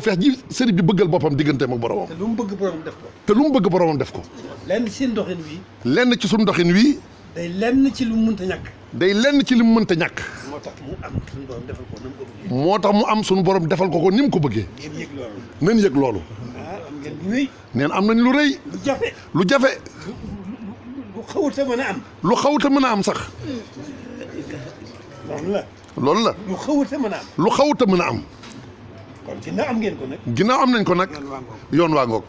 feex ji sëriñ bi bëggal boppam digganteem ak boromam. te lu mu bëgg boromam def te lu mu bëgg boromam def ko. lenn ci seen doxin wi. lenn ci suñu doxin wi. day lenn ci lu mu mënta ñàkk. day lenn ci li mu mënta ñàkk. moo am suñu borom defal ko ko moo tax mu am suñu borom defal ko ko ni mu ko bëggee. ngeen yëg loolu. nañ loolu. Ah, am ngeen lu rëy. am nañ lu rëy. lu lu jafe. lu xawut a mën a am. lu xawut mën a am sax. loolu la. lu xawut a mën a am. lu xawut mën a am. kon ginnaaw am ngeen ko nag. ginnaaw am nañ ko nag. yoon waa ngoog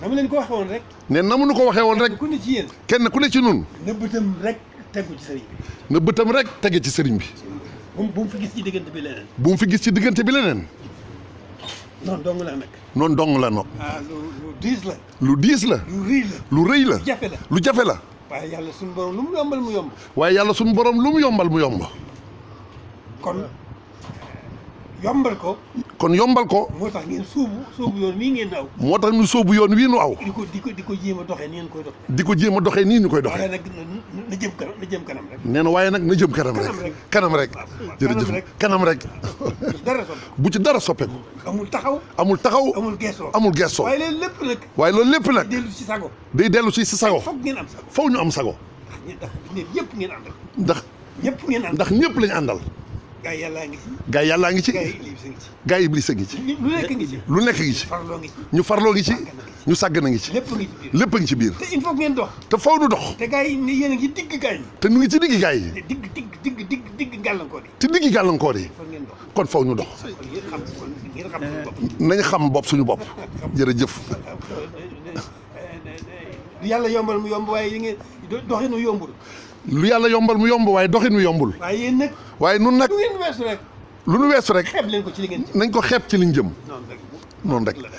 dama leen ko waxee woon rek. ne na mu nu ko waxee woon rek. ku ne ci yéen. kenn ku ne ci nun na bëtam rek tegu ci sëriñ bi. na bëtam rek tege ci sëriñ bi. mu fi gis ci diggante bi leneen. bu mu fi gis ci diggante bi leneen. noonu dong la nag. noonu dong la nag. ah lu diis la. lu diis la. lu rëy la. lu jafe la lu waaye yàlla suñu borom mu yombal mu yomb. waaye yàlla suñu borom lu mu yombal mu yomb. yombal ko. kon yombal ko. moo tax ngeen sóobu sóobu yoon wii ngeen aw. moo tax ñu sóobu yoon wii nu aw. di ko di ko di ko jéem a doxee nii ñu koy doxee. di ko jéem doxee nii ñu koy doxee. waaye nag na jëm kanam na jëm kanam rek. nee na waaye nag na jëm kanam rek. kanam rek jërëjëf kanam rek. dara bu ci dara soppeeku. amul taxaw amul taxaw. amul geesoo amul geesoo. waaye loolu lépp nag. waaye loolu lépp nag. day dellu si sago. day dellu si sago. foog ngeen am sago. foog ñu am sago. ndax ñëpp ngeen àndal. ndax ngeen àndal. ndax ñëpp lañ àndal gaa yàllaa ngi ci. gaa yàllaa ngi ci. ngi ci. lu nekk ngi ci. lu nekk ngi ñu farloo ngi ci. ñu sàgg na ngi ci. lépp ngi ci biir lépp ci biir. te il ngeen dox. te faw nu dox. te gaa yi a ngi digg gaa yi. te ñu ngi ci digg gaa yi. te digg digg digg gàllankoor yi. te digg kon faw ñu dox. nañ xam bopp suñu bopp. jërëjëf. yàlla yombal mu yomb waaye yi ngeen doxinu yombul lu yàlla yombal mu yomb waaye doxin wi yombul. waaye yéen nag. waaye nun nag lu ngeen lu nu weesu rek. xeeb leen ko ci li ngeen nañ ko xeeb ci liñ jëm. noonu rek.